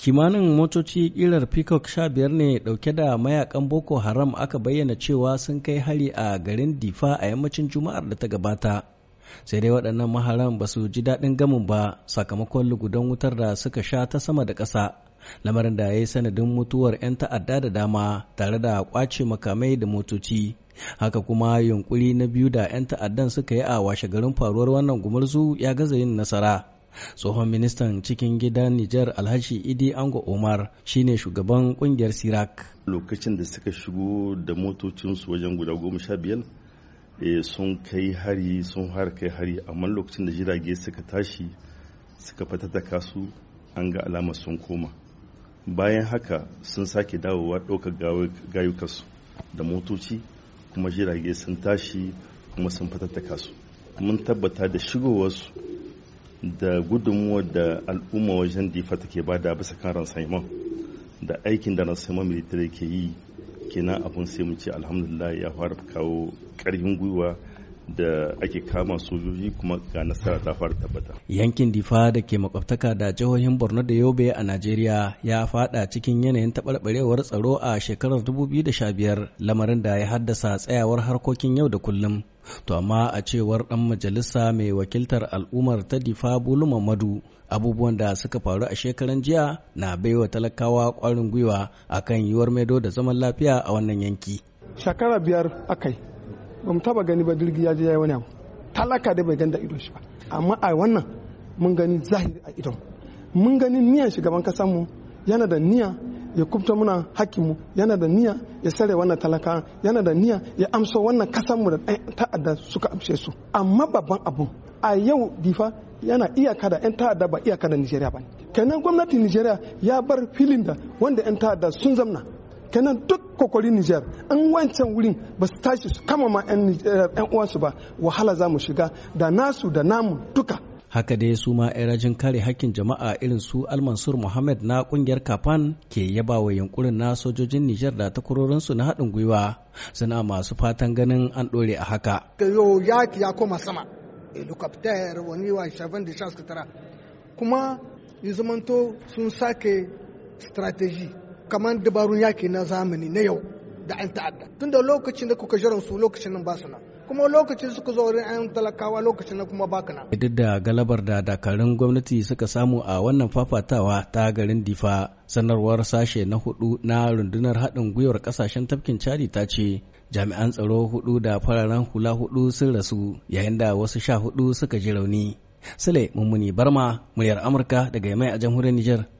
kimanin motoci ƙirar peacock sha biyar ne dauke da mayakan boko haram aka bayyana cewa sun kai hari a garin difa a yammacin juma'ar da ta gabata sai dai waɗannan maharan ba su ji daɗin gamin ba sakamakon lugudan wutar da suka sha ta sama da ƙasa lamarin da ya yi sanadin mutuwar 'yan ta'adda da dama tare da ƙwace makamai da motoci haka kuma yunkuri na biyu da 'yan ta'addan suka yi a washe garin faruwar wannan gumurzu ya gaza yin nasara tsohon ministan cikin gidan Nijar Alhashi Idi Ango Omar shine shugaban kungiyar Sirak. Lokacin da suka shigo da motocinsu wajen guda goma sha biyar eh, sun kai hari sun har kai hari amma lokacin da jirage suka tashi suka fatata kasu, an ga alamar sun koma. Bayan haka sun sake dawowa ɗaukar gayukansu da motoci kuma jirage sun tashi kuma sun fatata kasu. Mun tabbata da shigowarsu da gudunmuwar da al'umma wajen difa ke bada bisa kan ransaiman da aikin da ransaiman militare ke yi kenan abun sai mu ce alhamdulillah ya fara kawo karfin gwiwa da ake kama sojoji kuma ga nasara ta fara tabbata. Yankin Difa da ke makwabtaka da jihohin Borno da Yobe a Najeriya ya fada cikin yanayin taɓarɓarewar tsaro a shekarar 2015 lamarin da ya haddasa tsayawar harkokin yau da kullum To amma a cewar ɗan majalisa mai wakiltar al'ummar ta difa Bulu Mamadu abubuwan da suka faru a shekaran jiya na baiwa talakawa ƙwarin gwiwa akan yiwuwar maido da zaman lafiya a wannan yanki. Shekara biyar akai ba mu taba gani ba jirgi ya je ya wani abu talaka da bai ganda idon shi ba amma a wannan mun gani zahiri a idon mun gani niyan shugaban mu, yana da niyan ya kubta muna hakimu yana da niyya ya sare wannan talaka yana da niyya ya amsa wannan kasanmu da ta'adda suka amshe su amma babban abu a yau difa yana iyaka da 'yan ta'adda ba iyaka da nigeria ba kenan gwamnatin nigeria ya bar filin da wanda 'yan ta'adda sun zamna kenan duk kokarin Nijar an wancan wurin ba su tashi su kama ma 'yan uwansu ba wahala za mu shiga da nasu da namu duka haka dai su ma 'yan rajin kare hakkin jama'a irin su almansur muhammad na kungiyar kafan ke yaba wa yunkurin na sojojin nijar da takwarorinsu na haɗin gwiwa suna masu fatan ganin an ɗore a haka sama helicopter wani wa shafin da kuma sun sake strategy kamar dabarun yaki na zamani na yau da an ta'adda tunda lokacin da kuka jiran su lokacin nan ba su nan kuma lokacin suka zo wurin ayan talakawa lokacin na kuma baka na. Duk da galabar da dakarun gwamnati suka samu a wannan fafatawa ta garin Difa sanarwar sashe na hudu na rundunar haɗin gwiwar ƙasashen tafkin cadi ta ce jami'an tsaro hudu da fararen hula hudu sun rasu yayin da wasu sha hudu suka ji rauni. Sule Mummuni Barma, muryar Amurka daga Yamai a jamhuriyar Nijar.